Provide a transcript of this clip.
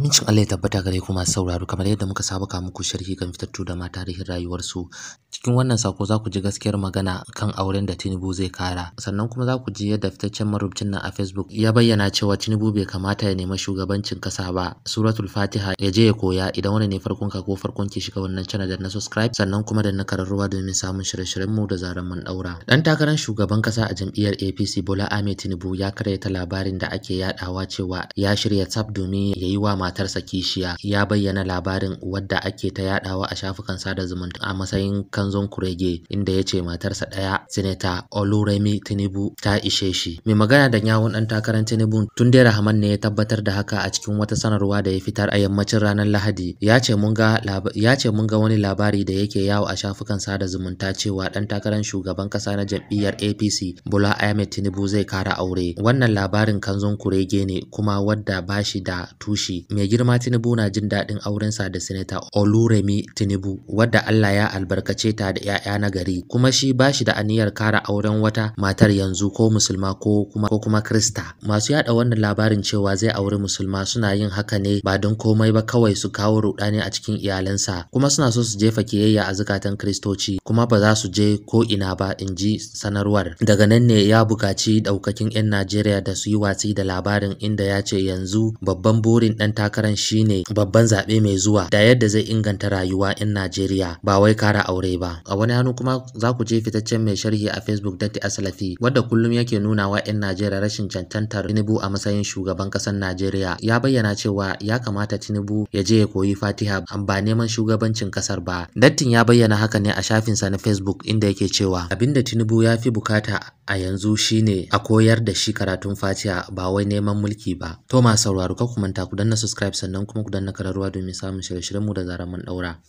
Amincin Allah ya tabbata gare ku masu sauraro kamar yadda muka saba ka muku sharhi kan fitattu da ma tarihin rayuwarsu Cikin wannan sako za ku ji gaskiyar magana kan auren da Tinubu zai kara. Sannan kuma za ku ji yadda fitaccen marubcin nan a Facebook ya bayyana cewa Tinubu bai kamata ya nemi shugabancin kasa ba. Suratul Fatiha ya je ya koya idan wani ne farkon ka ko farkon ki shiga wannan channel da na subscribe sannan kuma da na kararruwa domin samun shirye-shiryen mu da zaran mun daura. Dan takarar shugaban kasa a jam'iyyar APC Bola Ahmed Tinubu ya karyata labarin da ake yadawa cewa ya shirya tsaf domin ya yi wa matarsa kishiya. Ya bayyana labarin wadda ake ta yadawa a shafukan sada zumunta a matsayin kanzon kurege inda ya ce matarsa ɗaya sinata oluremi tinubu ta ishe shi mai magana da yawun ɗan takarar tinubu tunde rahman ne ya tabbatar da haka a cikin wata sanarwa da ya fitar a yammacin ranar lahadi ya ce mun ga wani labari da yake yawo a shafukan sada zumunta cewa ɗan takarar shugaban ƙasa na jam'iyyar apc bola ahmed tinubu zai kara aure wannan labarin kanzon kurege ne kuma wadda ba shi da tushi mai girma tinubu na jin daɗin aurensa da sinata oluremi tinubu wadda allah ya albarkace ta da 'ya'ya na gari kuma shi ba shi da aniyar kara auren wata matar yanzu ko musulma ko kuma ko kuma krista masu yada wannan labarin cewa zai auri musulma suna yin haka ne ba don komai ba kawai su kawo rudani a cikin iyalansa kuma suna so su jefa kiyayya a zukatan kristoci kuma ba za su je ko ina ba in ji sanarwar daga nan ne ya bukaci ɗaukakin 'yan najeriya da su yi watsi da labarin inda ya ce yanzu babban burin ɗan takarar shine babban zaɓe mai zuwa da yadda zai inganta rayuwa 'yan najeriya ba wai kara aure ba ba a wani hannu kuma za ku je fitaccen mai sharhi a facebook datti asalafi wadda kullum yake nuna wa 'yan najeriya rashin cancantar tinubu a matsayin shugaban kasar najeriya ya bayyana cewa ya kamata tinubu ya je ya koyi fatiha an ba neman shugabancin kasar ba dattin ya bayyana haka ne a shafinsa na facebook inda yake cewa abinda tinubu ya fi bukata a yanzu shine a koyar da shi karatun fatiha ba wai neman mulki ba to ma sauraro ka ku manta ku danna subscribe sannan kuma ku danna kararruwa domin samun shirye mu da zarar mun daura